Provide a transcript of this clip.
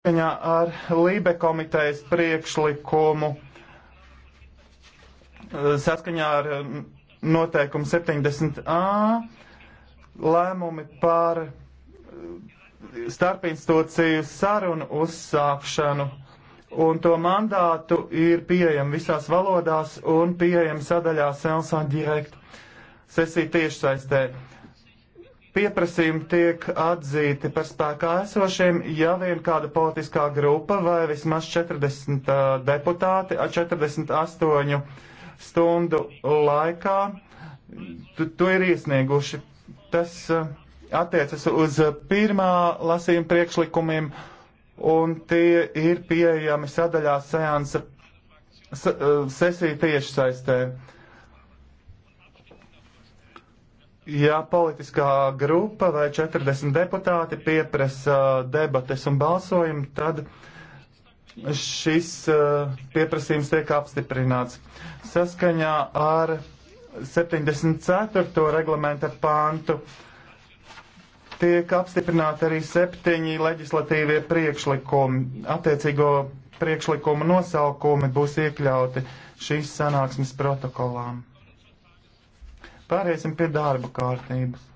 saskaņā ar Lībe komitejas priekšlikumu, eh, saskaņā ar eh, noteikumu 70a, lēmumi par eh, starpinstitūciju sarunu uzsākšanu. Un to mandātu ir pieejama visās valodās un pieejama sadaļā Sensā direkt sesija tiešsaistē pieprasījumi tiek atzīti par spēkā esošiem, ja vien kāda politiskā grupa vai vismaz 40 uh, deputāti 48 stundu laikā to, to ir iesnieguši. Tas uh, attiecas uz pirmā lasījuma priekšlikumiem, un tie ir pieejami sadaļā seansa sesija tiešsaistē. Uh, Ja politiskā grupa vai 40 deputāti pieprasa debates un balsojumu, tad šis eh, pieprasījums tiek apstiprināts. Saskaņā ar 74. reglamenta pāntu tiek apstiprināti arī septiņi leģislatīvie priekšlikumi. Attiecīgo priekšlikumu nosaukumi būs iekļauti šīs sanāksmes protokolām. Pāriesim pie darba kārtības.